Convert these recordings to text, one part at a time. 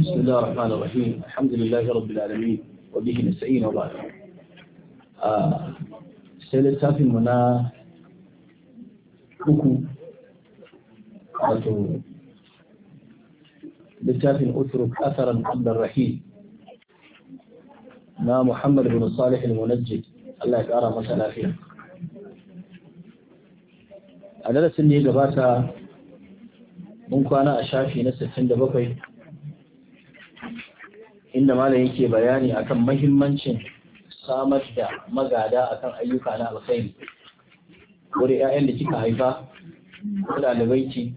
بسم الله الرحمن الرحيم الحمد لله رب العالمين وبه نستعين وبعد sai littafin mu na uku wato littafin uturuk asaran abdurrahim na muhammad bin salih al-munajjid Allah ya kara masa lafiya a darasin da ya gabata mun kwana a shafi na 67 inda malam yake bayani akan mahimmancin samar da magada akan ayyuka na alkhairi da 'ya'yan da kika haifa ko ɗalibai ki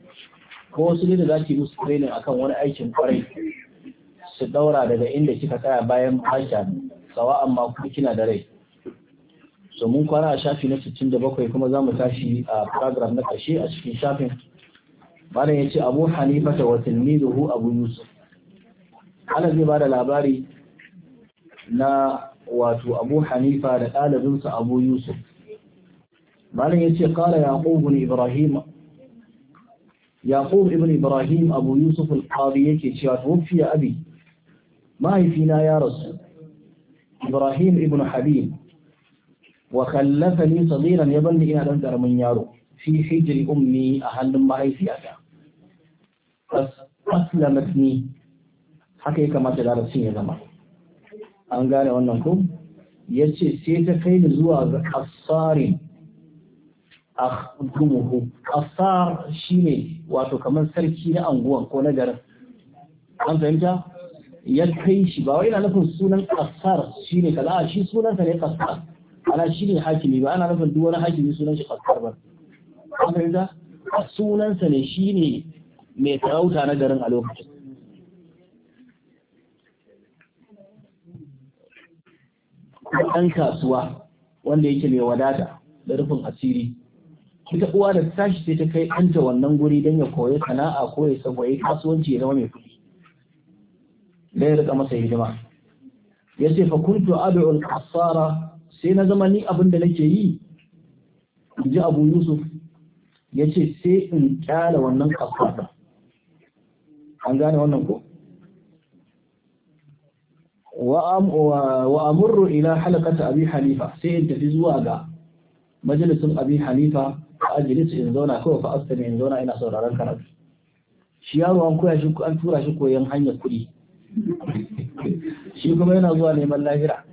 ko wasu ne da za ki musu training akan wani aikin kwarai su daura daga inda kika tsaya bayan hasha sawa amma kuma kina da rai so mun kwana a shafi na 67 kuma za mu tashi a paragraph na ƙarshe a cikin shafin malam ya ce abu hanifa wa tilmizuhu abu yusuf ana zai bada labari na wato abu hanifa da ɗalibinsa abu yusuf malam ya ce ƙara yaƙubun ibrahim ibn ibrahim abu yusuf al-qadi yake cewa tuwafiya abi mahaifina ya rasu ibrahim ibn habib wa kallafani sadiran ya banni ina dan karamin yaro fi hijiri ummi a hannun mahaifiyata aslamat ni haka ya kamata larabcin ya zama an gane wannan ku ya ce sai ta kai ni zuwa ga kasarin gumuhu kasar shine wato kamar sarki na anguwan ko na garin an fahimta ya kai shi ba wani yana nufin sunan kasar shine kaza a shi sunansa ne kasar ana shine hakimi ba ana nufin duk wani hakimi sunan shi kasar ba an fahimta sunansa ne shine mai sarauta na garin a lokacin ɗan kasuwa wanda yake mai wadata da rufin asiri ita uwa da tashi sai ta kai ɗanta wannan guri don ya koyi sana'a ko ya sabo yi kasuwanci ya zama mai kuɗi da ya rika masa hidima ya ce fa kuntu ad'u al sai na zama ni abin da nake yi ji Abu Yusuf ya ce sai in kyala wannan kasuwa an gane wannan ko wa amurru ila halakata abi halifa, sai in tafi zuwa ga majalisun abi halifa, a ajilisu in zauna kawai fa astami in zauna ina sauraron karatu shi yaro an koya shi an tura shi koyon hanyar kuɗi shi kuma yana zuwa neman lahira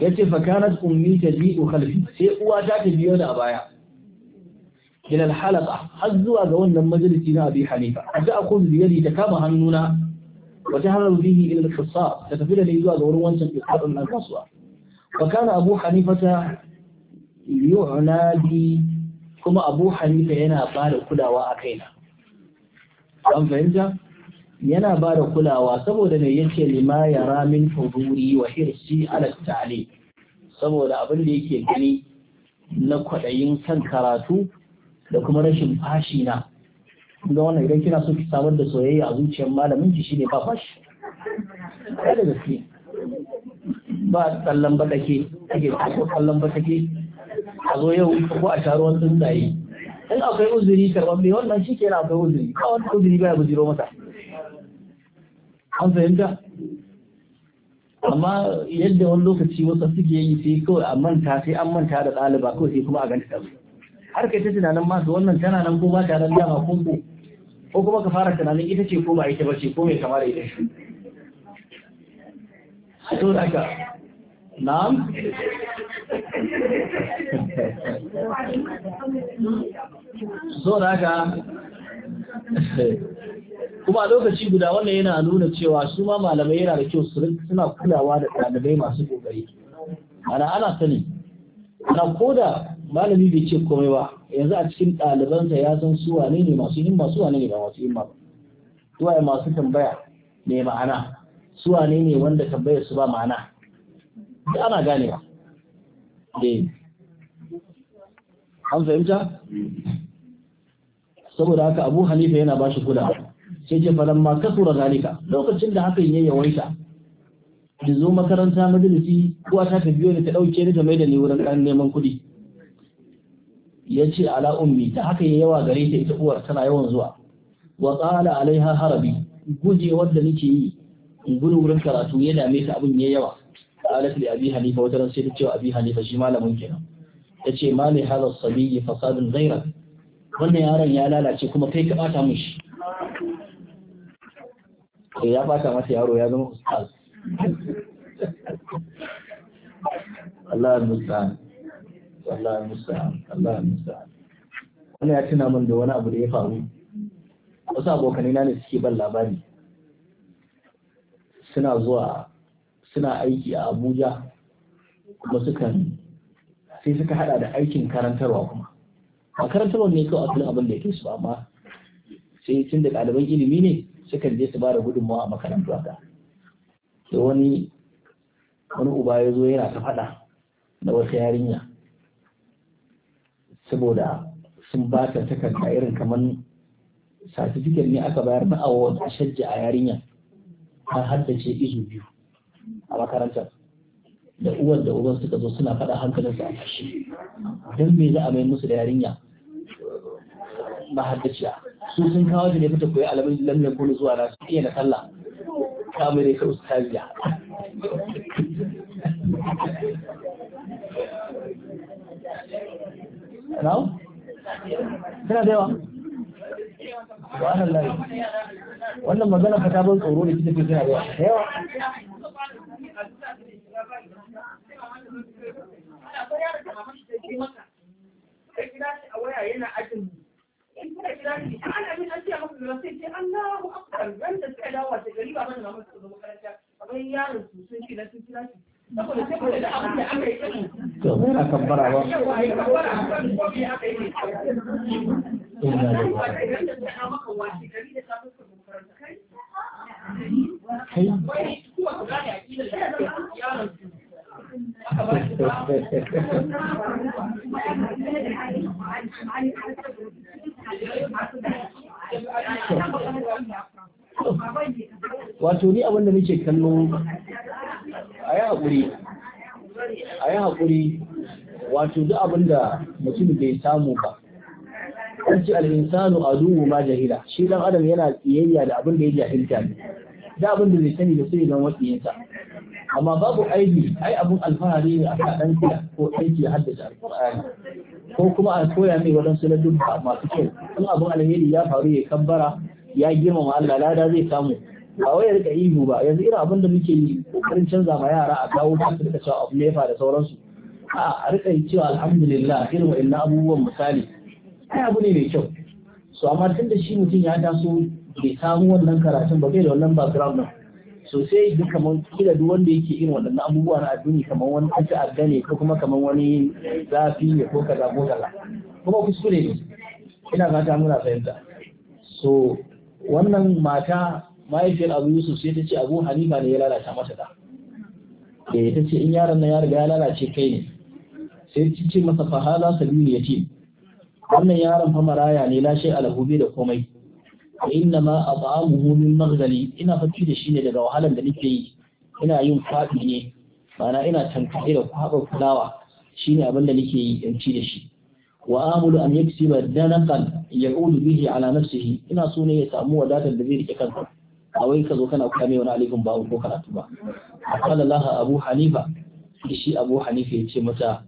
ya ce fakanat ummi ta u khalfi sai uwa ta ta biyo da a baya ila halaka har zuwa ga wannan majalisi na abi halifa, a ta akun biyari ta kama hannuna وجعلوا به الى الحصار تتفيد لي ذو زورون وانشان في قرن من الكسوة وكان أبو حنيفة يعنادي كما ابو حنيفة ينا بار كلاوا أكينا أم فهمت؟ ينا بار كلاوا سبو دم يكي لما يرى من حضوري وحرصي على التعليم سبو ابن ليكي جني na kwaɗayin kan karatu da kuma rashin fashina ga wannan idan kina so ki samar da soyayya a zuciyar malamin ki shine ba fashi kai da gaske ba tsallan ba take ake ko tsallan ba take a zo yau ko a taruwan tsundaye. in akwai uzuri karban bai wannan shi kenan akwai uzuri ba wani uzuri baya bujiro mata an fahimta amma yadda wani lokaci wasu suke yi sai kawai a manta sai an manta da ɗaliba kawai sai kuma a ganta ta har kai ta tunanin ma to wannan tana nan ko ba ta nan dama kumbu ko kuma ka fara tunanin ita ce ko ba ita ba ce ko mai kama da ita a to da ka so da ka kuma a lokaci guda wannan yana nuna cewa su ma malamai yana da kyau su suna kulawa da ɗalibai masu ƙoƙari ana ana sani ana koda malami bai ce komai ba yanzu a cikin ɗalibansa ya san su wane ne masu himma su wane ne ba masu himma ba su waye masu tambaya ne ma'ana su wane ne wanda tambayar su ba ma'ana da ana ganewa eh an fahimta saboda haka abu hanifa yana ba shi kula sai ce fadan ma kasura zalika lokacin da hakan ya yawaita da zo makaranta majalisi kuwa ta ta biyo ni ta ɗauke ni ta mai da ni wurin ɗan neman kuɗi ya ce ala ummi ta haka ya yawa gare ta ita uwar tana yawan zuwa wa qala alaiha harabi guje wanda nake yi in gudu wurin karatu ya dame ta abin ya yawa qalat li abi halifa wata ran sai ta wa abi halifa shi malamin kenan ta ce ma li hadha sabiyyi fasadun ghayra wannan yaron ya lalace kuma kai ka bata mun ya bata masa yaro ya zama ustaz Allah Allah Allah ya tuna min da wani abu da ya faru wasu abokanai na ne suke ban labari suna zuwa suna aiki a Abuja kuma sukan sai suka hada da aikin karantarwa kuma a karantarwa ne kawai asalin abin da yake su amma sai tun da ɗaliban ilimi ne suka je su ba da gudunmawa a makarantar haka da wani wani uba ya zo yana ta faɗa na wata yarinya saboda sun ba ta takarda irin kamar satifiket ne aka bayar na award a shajja a yarinya har haddace izu biyu a makarantar da uwar da uban suka zo suna faɗa su a tashi don me za a mai musu da yarinya mahaddaciya su sun kawo da ne fita koyi alamun lamar kone zuwa na su iya na sallah kamar ya kawo su tabiya na'am suna da yawa wa'anan lari wannan magana ka ta ban tsoro da kike suna da yawa ta to me na kabbara ba wato ni abin da nake kallo a yi haƙuri a yi haƙuri wato duk abin da mutum bai samu ba an ce al'insanu a duhu ma jahila shi dan adam yana tsiyayya da abin da ya jahilta ne da abin da sani da sai don wasiyinsa amma babu aibi ai abin alfahari ne a ka ɗan ko aiki ya haddace alfahari ko kuma a koya mai waɗansu na dubba masu kyau in abin alheri ya faru ya kabbara ya girmama Allah lada zai samu ba wai rika yi ba yanzu irin abin da muke yi kokarin canza ma yara a kawo ta su rika cewa abu nefa da sauransu a rika yi cewa alhamdulillah irin wa'annan abubuwan misali ai abu ne mai kyau so amma tun da shi mutum ya taso bai samu wannan karatun ba bai da wannan background din so sai duk kamar kila duk wanda yake irin waɗannan abubuwa na addini kamar wani an ta'adda ne ko kuma kamar wani zafi ne ko kaza ko kaza kuma kuskure ne ina fata muna fahimta so wannan mata mahaifiyar abu yusuf sai ta ce abu hanifa ne ya lalata masa da da eh, ta ce in yaron na ya riga ya lalace kai ne sai ta ce masa fahala sabilu ya ce wannan yaron fa maraya ne lashe alhubi da komai inna ma at'amuhu min magani ina fashi da shi ne daga wahalan da nake yi ina yin fadi ne ma'ana ina tankare da kwabar fulawa shine abin da nake yi in ci da shi wa amulu an yaksiba danaqan ya'udu bihi ala nafsihi ina so ne ya samu wadatar da zai rike kansa a wai ka zo kana mai wani alifin babu ko karatu ba qala laha abu hanifa shi abu hanifa ya ce mata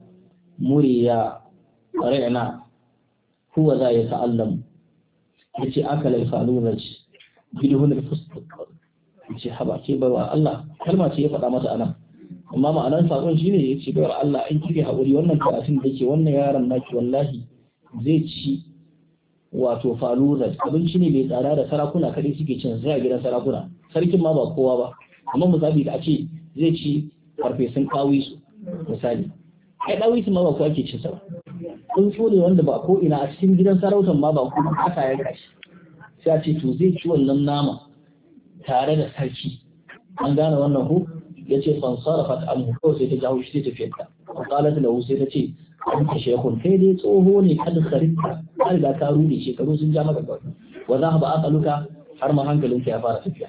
muriya ra'ina huwa za ya ta'allamu yace aka laifa nuna ci hunar fuskar ya ce haba ke barwa Allah kalma ce ya faɗa mata anan amma ma'anar sakon ce yace barwa Allah an kike haƙuri wannan karatun da ke wannan yaron naki wallahi zai ci wato falunat abinci ne mai tsara da sarakuna kadai suke cin sai a gidan sarakuna sarkin ma ba kowa ba amma misali da a zai ci farfesun kawisu misali ai kawisu ma ba kowa ke cin sa kun so ne wanda ba ko ina a cikin gidan sarautan ma ba kuma aka ya gashi. sai a ce to zai ci wannan nama tare da sarki an gane wannan ku ya ce fansara fata amu kawai sai ta jawo shi ta tafiyarta a kalar da sai ta ce anta shaykhun kai dai tsoho ne kan kharita har da ka rude shekaru sun ja maka gaba wa zahaba aqaluka har ma hankalinka ya fara tafiya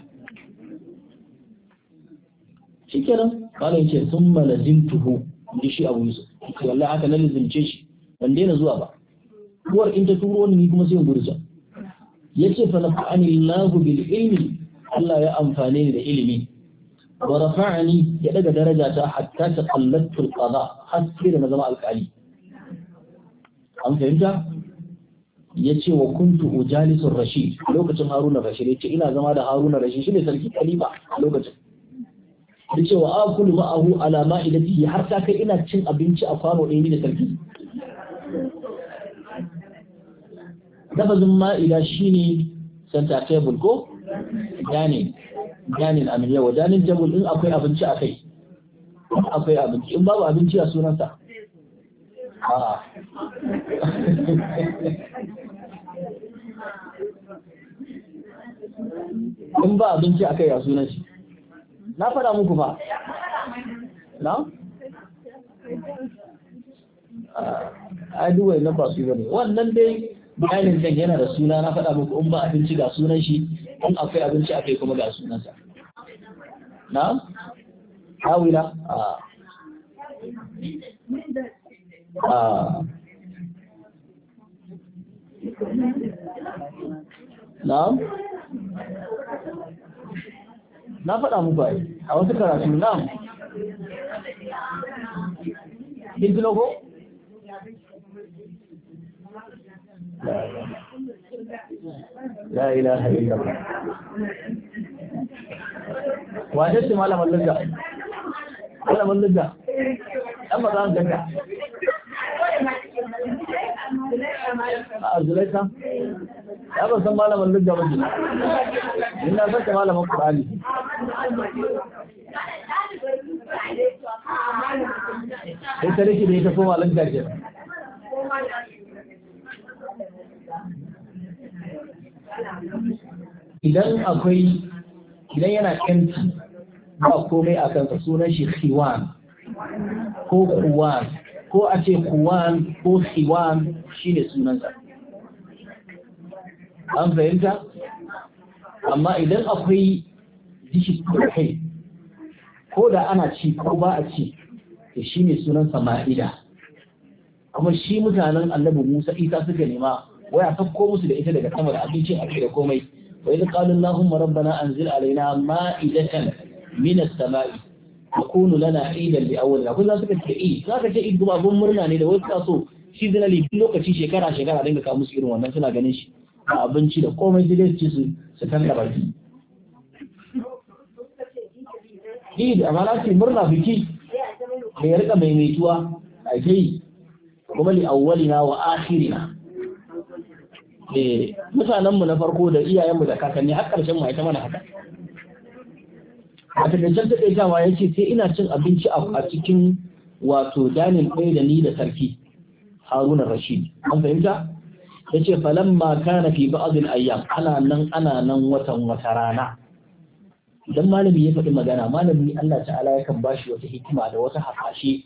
shikenan kana yace summa lazimtuhu ni shi abu yusuf wallahi haka na lizince shi ban daina zuwa ba uwar in ta turo ni kuma sai in gurza yace fa nafa'ani Allahu bil ilmi Allah ya amfane ni da ilimi wa rafa'ani ya daga daraja ta hatta ta qallattu al da na zama alƙali an fahimta ya ce wa kuntu ujalisun rashid lokacin haruna rashid ya ce ina zama da haruna rashid shi ne sarki kalifa a lokacin da ce a akul ma'ahu ala ma'idatihi har ta kai ina cin abinci a kwano ɗaya da sarki lafazin ma'ida ne santa table ko dining dining amiliya wa dining table din akwai abinci a kai akwai abinci in babu abinci a sunansa in ba abinci a kai a sunan shi na fada muku ba na? a ah, duwai na ba su ne wannan dai bayanin can yana da suna na fada muku in ba abinci ga sunan shi in akwai abinci a kai kuma ga sunansa na? hawila a ah. Ah. na'am na faɗa mu bai, a wasu karatu na'am kin ji logo la ilaha illallah wace ce malamar lugga malamar lugga Ɗan ba za mu ganga a zulaika ya ban san malamin lugga ba jina ina san ta malamin Kur'ani. sai ta rike da ita koma lugga ke idan akwai idan yana kanti ba komai a kansa sunan shi khiwan ko kuwan ko a ce kuwan ko khiwan shine sunansa an fahimta amma idan akwai dishi kai ko da ana ci ko ba a ci to shi ne sunan sama'ida kuma shi mutanen annabi musa isa suka nema waya sakko musu da ita daga sama da abincin a da komai wa idh na anzir rabbana anzil alaina ma'idatan minas sama'i a kunu lana idan awon awwalina kun suka ce eh za ka ce idan murna ne da wasu so seasonally duk lokaci shekara shekara dinga ka musu irin wannan suna ganin shi da abinci da komai da ci su su kan da baki Eid amma na ce murna biki da ya rika maimaituwa a kai kuma li awwalina wa akhirina eh mutanen mu na farko da iyayen mu da kakanni har karshen mu ita mana haka a takaitar da kai dama ce sai ina cin abinci a cikin wato danin ɗaya da ni da sarki Haruna Rashid an fahimta yace falamma kana fi ba'd al-ayyam ana nan ana nan watan wata rana idan malami ya faɗi magana malami Allah ta'ala yakan bashi wata hikima da wata hasashe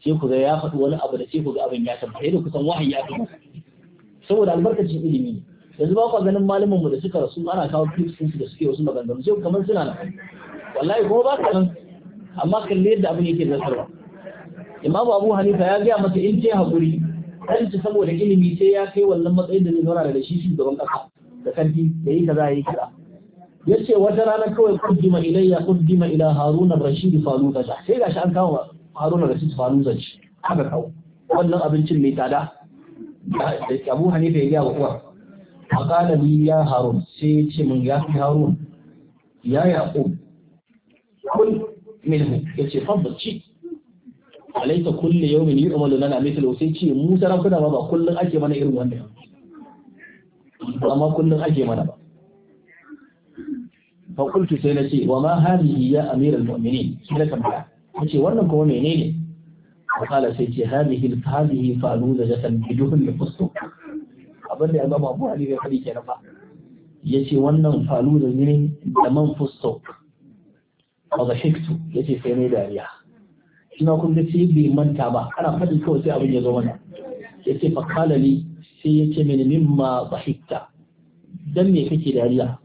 sai ku ga ya faɗi wani abu da sai ku ga abin ya tabbata da kusan wahayi ya masa saboda albarkacin ilimi yanzu ba ku ganin malamin mu da suka rasu ana kawo clips su da suke wasu maganganu sai kamar suna nan wallahi kuma ba ka nan amma kalle yadda abin yake zartarwa imam abu hanifa ya gaya masa in je haƙuri ɗanci saboda ilimi sai ya kai wannan matsayin da zai zauna da shi shugaban ƙasa da kanti da yi kaza ya yi kaza ya ce wata rana kawai kuddima ilayya kuddima ila haruna rashidi faluza sai gashi an kawo haruna rashidi ta. ce haka kawo wannan abincin mai tada da abu hanifa ya gaya wa uwa a ƙala ni ya harun sai ya ce min ya fi harun ya yaƙo kun minhu ya ce fabbaci alaysa kullu yawmin yu'malu lana mithlu sai ce mu sarakuna ba ba kullun ake mana irin wannan amma kullun ake mana ba fa qultu sai nace wa ma hadhihi ya amiral mu'minin sai na tambaya nace wannan kuma menene qala sai ce hadhihi hadhihi fa'aluza jatan biduhun lifustu abin da ya zama abu ali bai fadi kenan ba yace wannan faluza ne da man fusto fa dhahiktu yace sai ne dariya shi ma kun ga sai bai manta ba ana faɗin kawai sai abin ya zo mana ya ce fakala ne sai ya ce mini mimma bahitta dan me kake dariya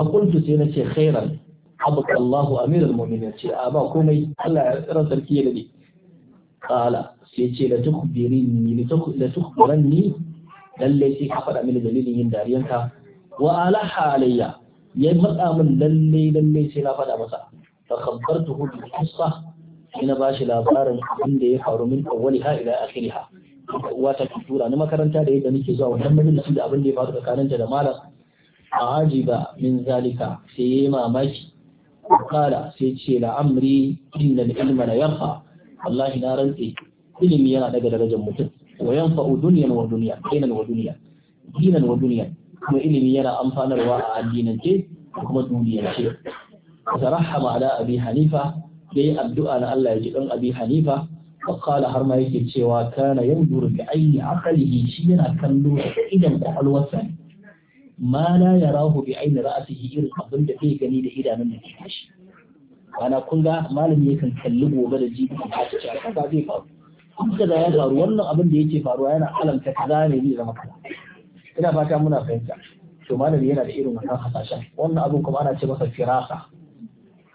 a kuntu sai na ce khairan abaka Allahu amirul mu'minin ce a ba komai Allah ya tsira sarki ya dade kala sai ce la tukbirini la lalle sai ka faɗa mini dalilin yin dariyanka wa alaha alayya ya matsa min lalle lalle sai na faɗa masa fa khabbartuhu bi qissa sai ba shi labarin abin da ya faru min awwali ha ila akhiriha uwa ta tura ni makaranta da yadda nake zuwa wannan majalisin da abin da ya faru tsakaninta da malam a ajiba min zalika sai yayi mamaki kala sai ce la amri inna al-ilma la yarfa wallahi na rantse ilimi yana daga darajar mutum wa yanfa'u dunyan wa dunya dinan wa dunya dinan wa dunya kuma ilimi yana amfanarwa a addinance kuma duniyance tarahama ala abi hanifa yayi addu'a na Allah ya ji dan Abi Hanifa wa qala har ma yake cewa kana yanzuru bi ayni aqlihi shi yana kallo da idan kwakwalwarsa ma la yarahu bi ayni ra'sihi irin abin da bai gani da idanun da ke kashi ana kun ga malami yakan kalli gobe da jibi da ta ce kaza zai faru kuka da ya faru wannan abin da yake faruwa yana alamta kaza ne zai zama kaza ina fata muna fahimta to malami yana da irin wannan hasashen wannan abin kuma ana ce masa firasa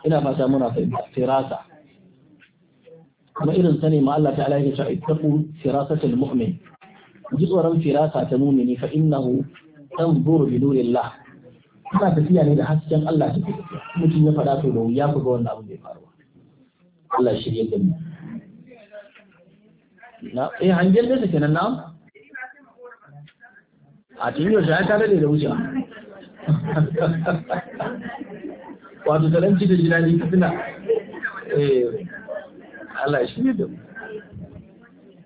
ina fata muna firasa kuma irin sani ma Allah ta'ala yake cewa ittaqu firasatal mu'min ji tsoron firasa ta mumini fa innahu tanzuru bi nurillah kana tafiya ne da hasken Allah take tafiya mutum ya fada to da ya ku ga wannan abin da ya faru Allah shirye da mu na eh hangen da kenan na a cikin yau sai ta dade da wuce wato talanci da jinani fitina eh Allah shi ne da mu